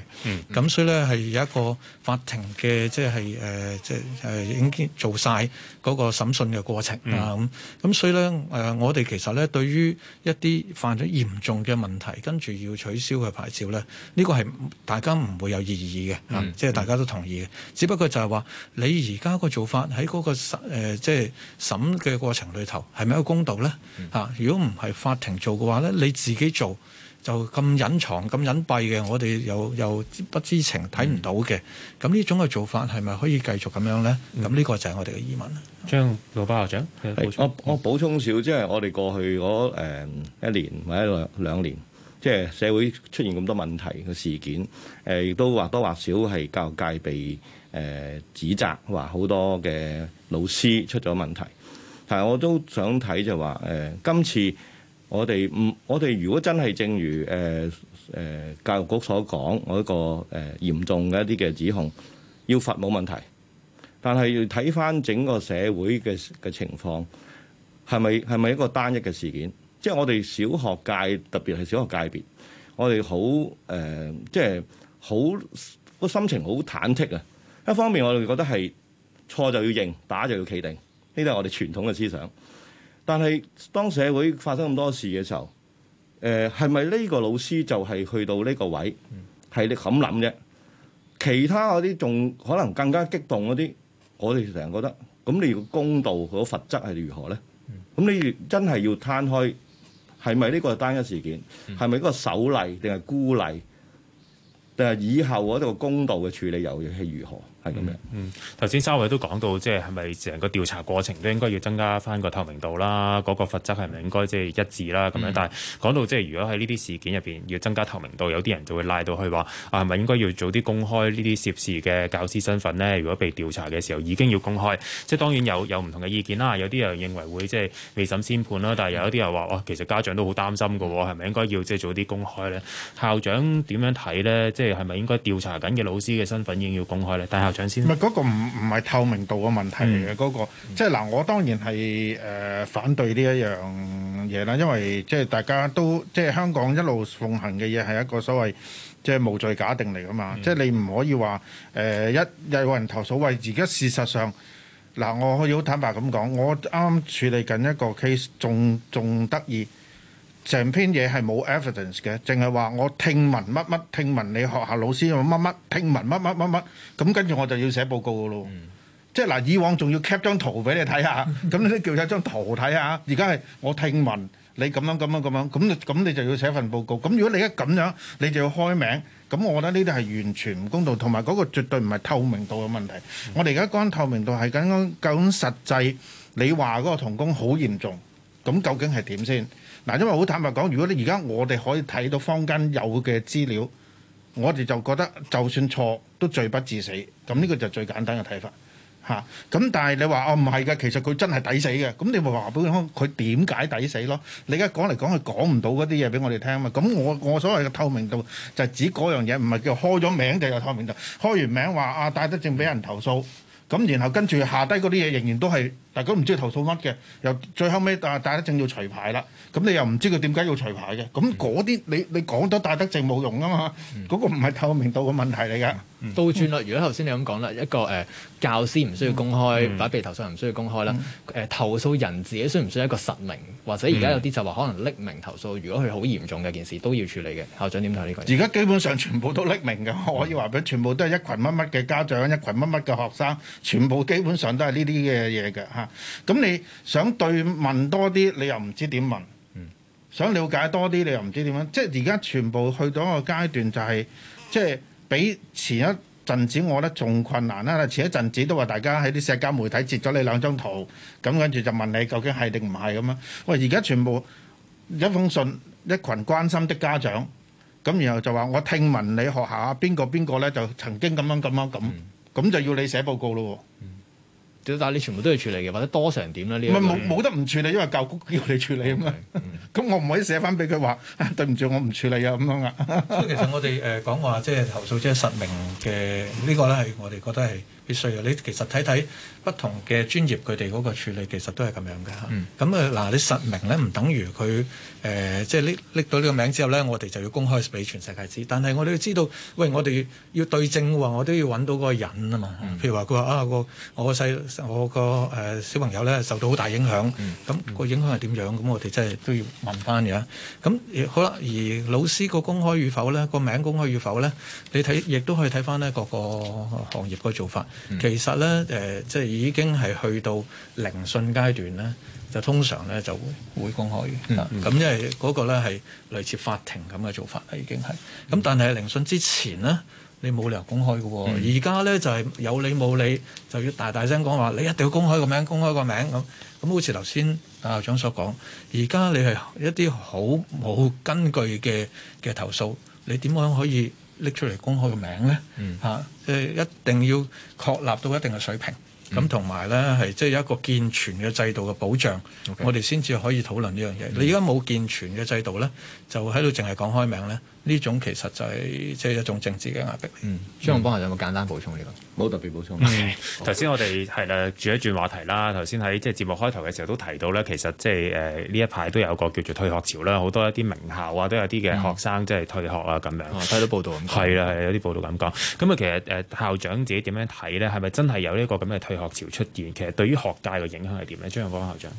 咁所以咧係有一個法庭嘅即係誒即係誒已經做曬嗰個審訊嘅過程啦。咁咁所以咧誒我哋其實咧對於一啲犯咗嚴重嘅問題，跟住要取消佢牌照咧，呢、這個係大家唔會有異議嘅，即係、嗯、大家都同意嘅。只不過就係話，你而家個做法喺嗰、那個即係、呃就是、審嘅過程裏頭，係咪一個公道咧？嚇、嗯，如果唔係法庭做嘅話咧，你自己做。就咁隱藏、咁隱蔽嘅，我哋又又不知情、睇唔到嘅，咁呢種嘅做法係咪可以繼續咁樣咧？咁呢、嗯、個就係我哋嘅疑問。張勇邦校長，是充我我補充少，即、就、係、是、我哋過去嗰、嗯、一年或者兩兩年，即、就、係、是、社會出現咁多問題嘅事件，誒、嗯、亦都或多或少係教界被誒、嗯、指責，話、嗯、好多嘅老師出咗問題。但我都想睇就話誒、嗯、今次。我哋唔，我哋如果真係正如誒誒、呃呃、教育局所講，我一個誒、呃、嚴重嘅一啲嘅指控，要罰冇問題。但係要睇翻整個社會嘅嘅情況，係咪係咪一個單一嘅事件？即係我哋小學界，特別係小學界別，我哋好誒，即係好個心情好忐忑啊！一方面我哋覺得係錯就要認，打就要企定，呢啲係我哋傳統嘅思想。但係當社會發生咁多事嘅時候，誒係咪呢個老師就係去到呢個位，係你咁諗啫？其他嗰啲仲可能更加激動嗰啲，我哋成日覺得，咁你要公道嗰、嗰個罰則係如何咧？咁、嗯、你真係要攤開，係咪呢個單一事件？係咪嗰個首例定係孤例？定係以後嗰個公道嘅處理又係如何？係咁嘅樣，嗯，頭先三位都講到，即係係咪成個調查過程都應該要增加翻個透明度啦？嗰、那個罰則係咪應該即係一致啦？咁、嗯、樣，但係講到即係如果喺呢啲事件入邊要增加透明度，有啲人就會拉到去話：啊，係咪應該要早啲公開呢啲涉事嘅教師身份呢？如果被調查嘅時候已經要公開，即、就、係、是、當然有有唔同嘅意見啦。有啲人認為會即係未審先判啦，但係有一啲人話：哦、啊，其實家長都好擔心嘅，係咪應該要即係早啲公開呢？」「校長點樣睇呢？即係係咪應該調查緊嘅老師嘅身份應要公開呢？」。但係。唔係嗰個唔唔係透明度嘅問題嚟嘅，嗰、嗯嗰個即係嗱，我當然係誒、呃、反對呢一樣嘢啦，因為即係大家都即係香港一路奉行嘅嘢係一個所謂即係無罪假定嚟噶嘛，嗯、即係你唔可以話誒、呃、一有個人投訴，喂，而家事實上嗱，我可以好坦白咁講，我啱啱處理緊一個 case，仲仲得意。成篇嘢係冇 evidence 嘅，淨係話我聽聞乜乜聽聞你學校老師話乜乜聽聞乜乜乜乜咁，跟住我就要寫報告噶咯。Mm. 即係嗱，以往仲要 cap 張圖俾你睇下，咁你都叫有張圖睇下。而家係我聽聞你咁樣咁樣咁樣咁，咁你就要寫份報告。咁如果你一咁樣，你就要開名。咁我覺得呢啲係完全唔公道，同埋嗰個絕對唔係透明度嘅問題。我哋而家講緊透明度係講緊究竟實際你話嗰個童工好嚴重，咁究竟係點先？嗱，因為好坦白講，如果你而家我哋可以睇到坊間有嘅資料，我哋就覺得就算錯都罪不至死，咁呢個就最簡單嘅睇法嚇。咁、啊、但係你話哦唔係嘅，其實佢真係抵死嘅，咁、嗯、你咪話俾佢聽，佢點解抵死咯？你而家講嚟講去講唔到嗰啲嘢俾我哋聽嘛。咁我我所謂嘅透明度就係指嗰樣嘢，唔係叫開咗名就有透明度，開完名話啊戴德正俾人投訴，咁、嗯、然後跟住下低嗰啲嘢仍然都係。大家唔知要投訴乜嘅，又最後尾大帶得證要除牌啦。咁你又唔知佢點解要除牌嘅？咁嗰啲你你講到大得正冇用啊嘛。嗰、嗯、個唔係透明度嘅問題嚟㗎。倒、嗯嗯、轉啦。如果頭先你咁講啦，一個誒、呃、教師唔需要公開，擺被、嗯嗯、投訴人唔需要公開啦。誒、嗯啊、投訴人自己需唔需要一個實名？或者而家有啲就話可能匿名投訴。如果佢好嚴重嘅件事，都要處理嘅。校長點睇呢個？而家基本上全部都匿名嘅，我可以話俾全部都係一群乜乜嘅家長，一群乜乜嘅學生，全部基本上都係呢啲嘅嘢嘅。咁你想對問多啲，你又唔知點問；嗯、想了解多啲，你又唔知點樣問。即係而家全部去到一個階段，就是，就係即係比前一陣子我呢仲困難啦。前一陣子都話大家喺啲社交媒體截咗你兩張圖，咁跟住就問你究竟係定唔係咁樣？喂，而家全部一封信，一群關心的家長，咁然後就話我聽聞你學校邊個邊個咧就曾經咁樣咁樣咁，咁、嗯、就要你寫報告咯。嗯但你全部都要處理嘅，或者多成點啦呢？唔係冇冇得唔處理，因為教局叫你處理啊嘛。咁我唔可以寫翻俾佢話，對唔住我唔處理啊咁樣啊。嗯、所以其實我哋誒、呃、講話即係、就是、投訴，即係實名嘅、這個、呢個咧係我哋覺得係必須嘅。你其實睇睇不同嘅專業佢哋嗰個處理，其實都係咁樣嘅嚇。咁啊嗱，你實名咧唔等於佢。誒、呃，即係拎拎到呢個名之後咧，我哋就要公開俾全世界知。但係我哋要知道，喂，我哋要對證嘅話，我都要揾到嗰個人啊嘛。嗯、譬如話，佢話啊，個我個細我個誒、呃、小朋友咧受到好大影響，咁、嗯、個影響係點樣？咁我哋真係都要問翻嘅。咁、嗯嗯嗯、好啦，而老師個公開與否咧，個名公開與否咧，你睇亦都可以睇翻咧，各個行業個做法。嗯嗯、其實咧，誒、呃，即係已經係去到聆訊階段咧。就通常咧就會會公開嘅，咁、嗯、因為嗰個咧係類似法庭咁嘅做法啦，已經係。咁但係聆訊之前咧，你冇理由公開嘅喎。而家咧就係有理冇理就要大大聲講話，你一定要公開個名，公開個名咁。咁好似頭先啊校長所講，而家你係一啲好冇根據嘅嘅投訴，你點樣可以拎出嚟公開個名咧？嚇、嗯，誒、啊即係、一定要確立到一定嘅水平。咁同埋咧，係即係有一個健全嘅制度嘅保障，Okay. 我哋先至可以討論呢樣嘢。你而家冇健全嘅制度咧，就喺度淨係講開名咧，呢種其實就係即係一種政治嘅壓迫。嗯，張勇邦有冇簡單補充呢個？冇、嗯、特別補充。頭先、嗯、我哋係啦，轉一轉話題啦。頭先喺即係節目開頭嘅時候都提到咧，其實即係誒呢一排都有個叫做退學潮啦，好多一啲名校啊都有啲嘅學生、嗯、即係退學啊咁樣。睇、哦、到報道。係啦，係有啲報道咁講。咁啊，其實誒校長自己點樣睇咧？係咪真係有呢個咁嘅退學學潮出現，其實對於學界嘅影響係點咧？張勇邦校長，誒、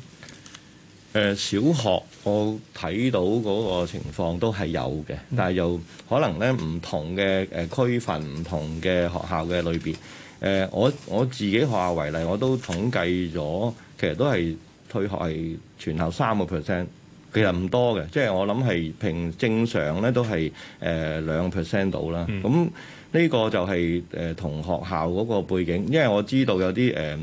呃、小學我睇到嗰個情況都係有嘅，但係又可能咧唔同嘅誒區份、唔同嘅學校嘅類別。誒、呃、我我自己學校為例，我都統計咗，其實都係退學係全校三個 percent，其實唔多嘅，即、就、係、是、我諗係平正常咧都係誒兩個 percent 到啦。咁呢個就係、是、誒、呃、同學校嗰個背景，因為我知道有啲誒、呃、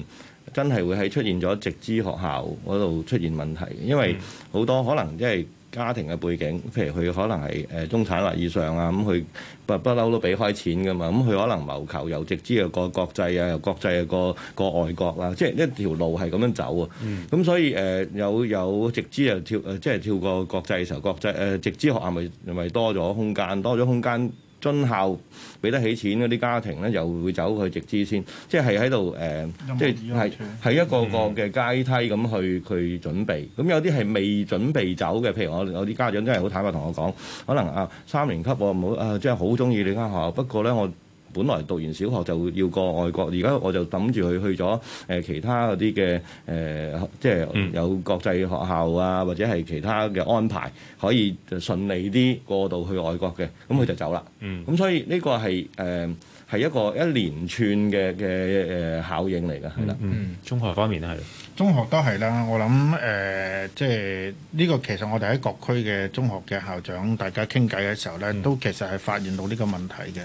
真係會喺出現咗直資學校嗰度出現問題，因為好多可能即係家庭嘅背景，譬如佢可能係誒、呃、中產或以上啊，咁佢不不嬲都俾開錢㗎嘛，咁、啊、佢可能謀求由直資啊過國際啊，由國際啊過過外國啦、啊，即係一條路係咁樣走啊，咁、嗯、所以誒、呃、有有直資又跳誒、呃、即係跳過國際嘅時候，國際誒、呃、直資學校咪、就、咪、是就是、多咗空間，多咗空間。津校俾得起錢嗰啲家庭咧，又會走去直資先，即係喺度誒，呃、意即係係係一個一個嘅階梯咁去、嗯、去準備。咁有啲係未準備走嘅，譬如我有啲家長真係好坦白同我講，可能啊三年級我唔好啊，真係好中意你間學校，不過咧我。本來讀完小學就要過外國，而家我就諗住佢去咗誒、呃、其他嗰啲嘅誒，即係有國際學校啊，或者係其他嘅安排，可以就順利啲過渡去外國嘅，咁佢就走啦。咁、嗯、所以呢個係誒係一個一連串嘅嘅誒效應嚟嘅，係啦。嗯，中學方面係。中學都係啦，我諗誒、呃，即係呢、這個其實我哋喺各區嘅中學嘅校長，大家傾偈嘅時候呢，都其實係發現到呢個問題嘅。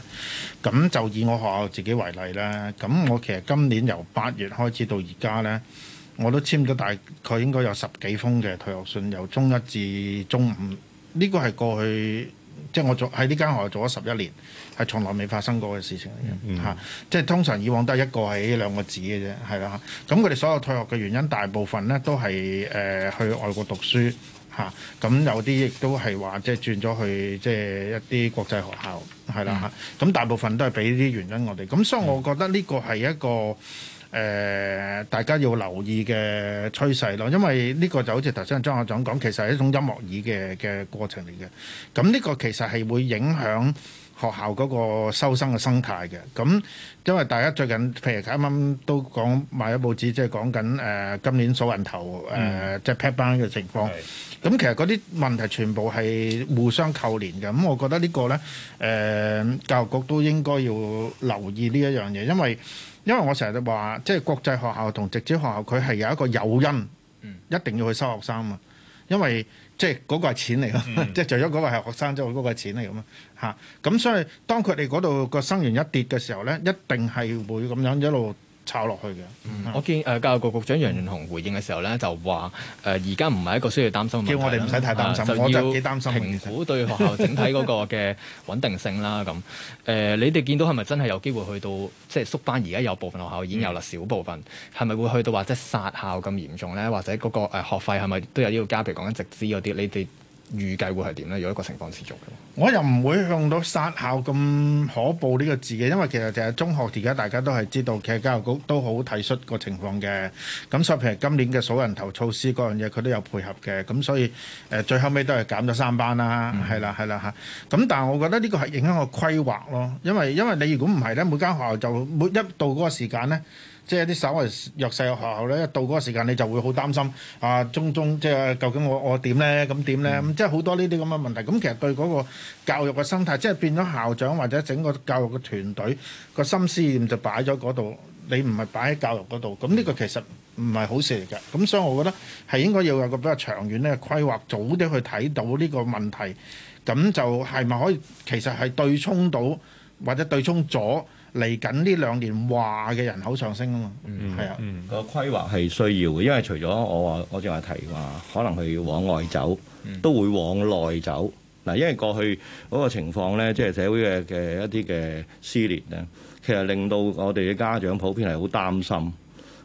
咁就以我學校自己為例啦。咁我其實今年由八月開始到而家呢，我都簽咗大概應該有十幾封嘅退學信，由中一至中五。呢、這個係過去即係我做喺呢間學校做咗十一年。係從來未發生過嘅事情嚟嘅嚇，即係通常以往都係一個係兩個字嘅啫，係啦。咁佢哋所有退學嘅原因大，大部分咧都係誒、呃、去外國讀書嚇。咁、啊、有啲亦都係話即係轉咗去即係一啲國際學校係啦嚇。咁、mm hmm. 啊、大部分都係俾呢啲原因我哋咁，所以我覺得呢個係一個誒、呃、大家要留意嘅趨勢咯、啊，因為呢個就好似頭先張校長講，其實係一種音樂耳嘅嘅過程嚟嘅。咁呢個其實係會影響、mm。Hmm. 學校嗰個收生嘅生態嘅，咁因為大家最近譬如啱啱都講賣咗報紙，即係講緊誒今年數人頭誒即係派班嘅情況。咁是、嗯、其實嗰啲問題全部係互相扣連嘅。咁我覺得個呢個咧誒教育局都應該要留意呢一樣嘢，因為因為我成日都話，即係國際學校同直資學校，佢係有一個誘因，一定要去收學生啊，因為。即係嗰、嗰個係錢嚟㗎，mm. 即係除咗嗰個係學生之外，嗰、嗰個係錢嚟㗎嘛。嚇、啊。咁所以當佢哋嗰度個生源一跌嘅時候咧，一定係會咁樣一路。炒落去嘅，我見誒、呃、教育局局長楊潤雄回應嘅時候咧，就話誒而家唔係一個需要擔心嘅問題啦、啊。就心。評估對學校整體嗰個嘅穩定性啦咁。誒、 呃，你哋見到係咪真係有機會去到即係、就是、縮班？而家有部分學校已經有喇少部分，係咪、嗯、會去到或者殺校咁嚴重咧？或者嗰個誒學費係咪都有要加？譬如講緊直資嗰啲，你哋。預計會係點咧？有一個情況持續嘅，我又唔會用到殺校咁可怖呢個字嘅，因為其實就係中學而家大家都係知道，其實教育局都好體恤個情況嘅。咁所以譬如今年嘅數人頭措施嗰樣嘢，佢都有配合嘅。咁所以誒、呃，最後尾都係減咗三班啦，係、嗯、啦，係啦嚇。咁但係我覺得呢個係影響個規劃咯，因為因為你如果唔係咧，每間學校就每一到嗰個時間咧。即係啲稍為弱勢嘅學校咧，一到嗰個時間，你就會好擔心啊！中中即係究竟我我點咧？咁點咧？咁、嗯、即係好多呢啲咁嘅問題。咁其實對嗰個教育嘅生態，即係變咗校長或者整個教育嘅團隊、個心思念就擺咗嗰度，你唔係擺喺教育嗰度。咁呢個其實唔係好事嚟㗎。咁所以我覺得係應該要有個比較長遠咧規劃，早啲去睇到呢個問題，咁就係咪可以其實係對沖到或者對沖咗？嚟緊呢兩年話嘅人口上升啊嘛，係啊，個規劃係需要嘅，因為除咗我我正話提話，可能佢要往外走，都會往內走嗱。因為過去嗰個情況咧，即係社會嘅嘅一啲嘅撕裂咧，其實令到我哋嘅家長普遍係好擔心，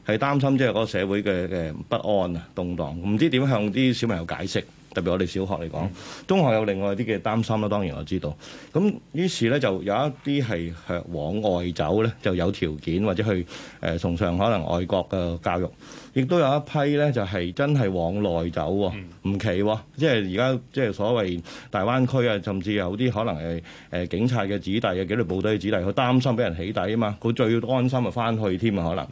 係擔心即係嗰個社會嘅嘅不安啊、動盪，唔知點向啲小朋友解釋。特別我哋小學嚟講，嗯、中學有另外一啲嘅擔心啦。當然我知道，咁於是咧就有一啲係向往外走咧，就有條件或者去誒崇尚可能外國嘅教育。亦都有一批呢，就係、是、真係往內走喎、哦，唔奇喎，即係而家即係所謂大灣區啊，甚至有啲可能係誒警察嘅子弟啊，紀律部隊嘅子弟。佢擔心俾人起底啊嘛，佢最安心咪翻去添啊可能。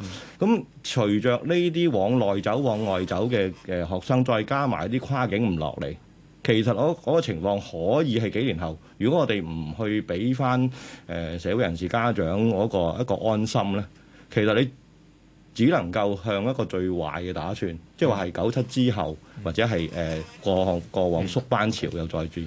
咁、嗯、隨着呢啲往內走、往外走嘅誒學生，再加埋啲跨境唔落嚟，其實我嗰個情況可以係幾年後，如果我哋唔去俾翻誒社會人士、家長嗰個一個安心呢。其實你。只能夠向一個最壞嘅打算，即係話係九七之後，或者係誒過過往縮班潮又再轉。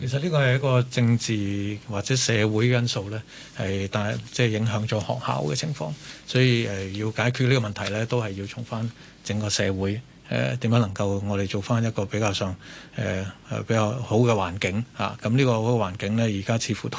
其實呢個係一個政治或者社會因素咧，係但係即係影響咗學校嘅情況。所以誒、呃，要解決呢個問題咧，都係要從翻整個社會誒點、呃、樣能夠我哋做翻一個比較上誒誒、呃、比較好嘅環境嚇。咁、啊、呢個個環境咧，而家似乎都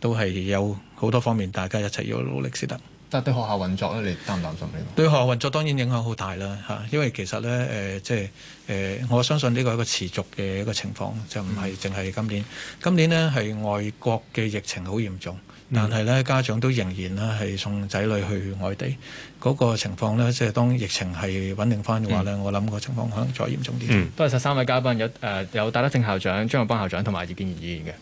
都係有好多方面，大家一齊要努力先得。得啲學校運作咧，你擔唔擔心呢個？對學校運作當然影響好大啦嚇，因為其實咧誒、呃，即係誒、呃，我相信呢個一個持續嘅一個情況，就唔係淨係今年。今年呢，係外國嘅疫情好嚴重，但係咧家長都仍然咧係送仔女去外地嗰、那個情況咧，即係當疫情係穩定翻嘅話咧，嗯、我諗個情況可能再嚴重啲。嗯、多都十三位嘉賓，有誒有戴德勝校長、張玉邦校長同埋易建源議員嘅。